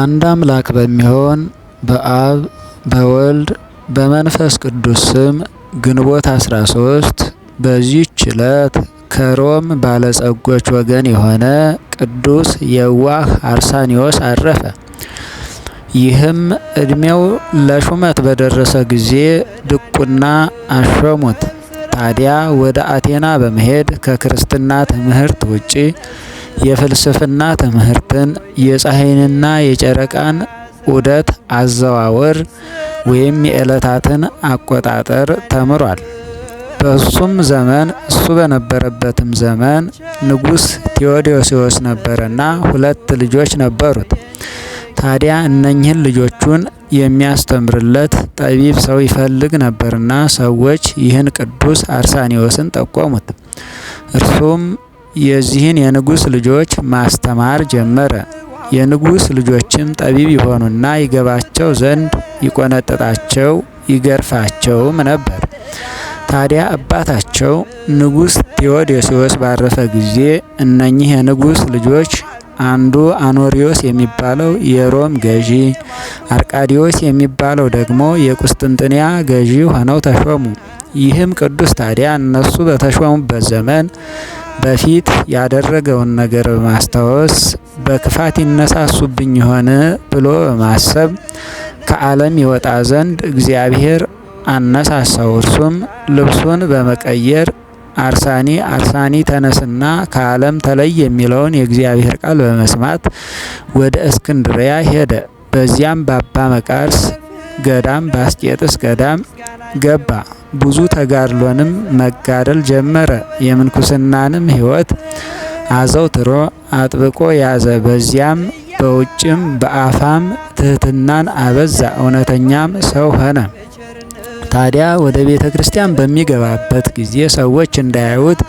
አንድ አምላክ በሚሆን በአብ በወልድ በመንፈስ ቅዱስ ስም ግንቦት 13 በዚህች ዕለት ከሮም ባለጸጎች ወገን የሆነ ቅዱስ የዋህ አርሳኒዎስ አረፈ። ይህም እድሜው ለሹመት በደረሰ ጊዜ ድቁና አሾሙት። ታዲያ ወደ አቴና በመሄድ ከክርስትና ትምህርት ውጪ የፍልስፍና ትምህርትን፣ የፀሐይንና የጨረቃን ዑደት አዘዋወር ወይም የዕለታትን አቆጣጠር ተምሯል። በሱም ዘመን እሱ በነበረበትም ዘመን ንጉሥ ቴዎዶሲዎስ ነበረና ሁለት ልጆች ነበሩት። ታዲያ እነኝህን ልጆቹን የሚያስተምርለት ጠቢብ ሰው ይፈልግ ነበርና ሰዎች ይህን ቅዱስ አርሳኒዎስን ጠቆሙት። እርሱም የዚህን የንጉስ ልጆች ማስተማር ጀመረ። የንጉስ ልጆችም ጠቢብ ይሆኑና ይገባቸው ዘንድ ይቆነጥጣቸው ይገርፋቸውም ነበር። ታዲያ አባታቸው ንጉስ ቴዎዶስዮስ ባረፈ ጊዜ እነኚህ የንጉስ ልጆች አንዱ አኖሪዮስ የሚባለው የሮም ገዢ፣ አርቃዲዮስ የሚባለው ደግሞ የቁስጥንጥንያ ገዢ ሆነው ተሾሙ። ይህም ቅዱስ ታዲያ እነሱ በተሾሙበት ዘመን በፊት ያደረገውን ነገር በማስታወስ በክፋት ይነሳሱብኝ የሆነ ብሎ በማሰብ ከዓለም ይወጣ ዘንድ እግዚአብሔር አነሳሳው። እርሱም ልብሱን በመቀየር አርሳኒ አርሳኒ ተነስና ከዓለም ተለይ የሚለውን የእግዚአብሔር ቃል በመስማት ወደ እስክንድሪያ ሄደ። በዚያም በአባ መቃርስ ገዳም ባስቄጥስ ገዳም ገባ። ብዙ ተጋድሎንም መጋደል ጀመረ። የምንኩስናንም ሕይወት አዘውትሮ አጥብቆ ያዘ። በዚያም በውጭም በአፋም ትህትናን አበዛ። እውነተኛም ሰው ሆነ። ታዲያ ወደ ቤተ ክርስቲያን በሚገባበት ጊዜ ሰዎች እንዳያዩት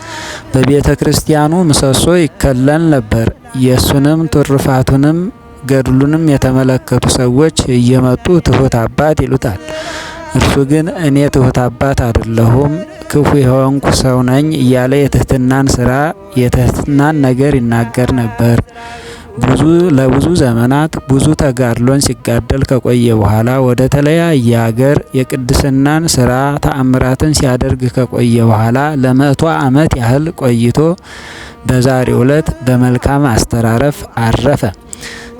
በቤተ ክርስቲያኑ ምሰሶ ይከለል ነበር። የእሱንም ትሩፋቱንም ገድሉንም የተመለከቱ ሰዎች እየመጡ ትሁት አባት ይሉታል። እርሱ ግን እኔ ትሁት አባት አይደለሁም ክፉ የሆንኩ ሰው ነኝ እያለ የትህትናን ስራ የትህትናን ነገር ይናገር ነበር። ብዙ ለብዙ ዘመናት ብዙ ተጋድሎን ሲጋደል ከቆየ በኋላ ወደ ተለያየ ሀገር የቅድስናን ስራ ተአምራትን ሲያደርግ ከቆየ በኋላ ለመቶ ዓመት ያህል ቆይቶ በዛሬው ዕለት በመልካም አስተራረፍ አረፈ።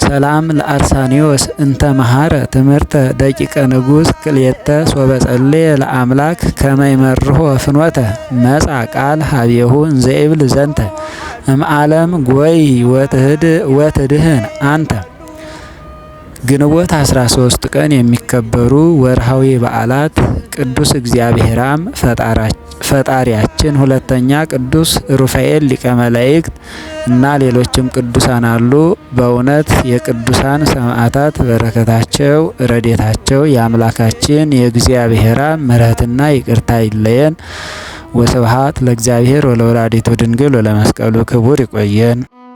ሰላም ለአርሳኒዎስ እንተ መሃረ ትምህርተ ደቂቀ ንጉሥ ቅሌተ ሶበጸሌ ለአምላክ ከመይመርሆ ፍኖተ መጻ ቃል ሀቤሁ እንዘይብል ዘንተ እምአለም ጎይ ወትድህን አንተ። ግንቦት 13 ቀን የሚከበሩ ወርሃዊ በዓላት ቅዱስ እግዚአብሔራም ፈጣሪያችን፣ ሁለተኛ ቅዱስ ሩፋኤል ሊቀ መላእክት እና ሌሎችም ቅዱሳን አሉ። በእውነት የቅዱሳን ሰማዕታት በረከታቸው፣ ረዴታቸው የአምላካችን የእግዚአብሔራም ምሕረትና ይቅርታ ይለየን። ወስብሃት ለእግዚአብሔር ወለወላዲቱ ድንግል ወለመስቀሉ ክቡር። ይቆየን።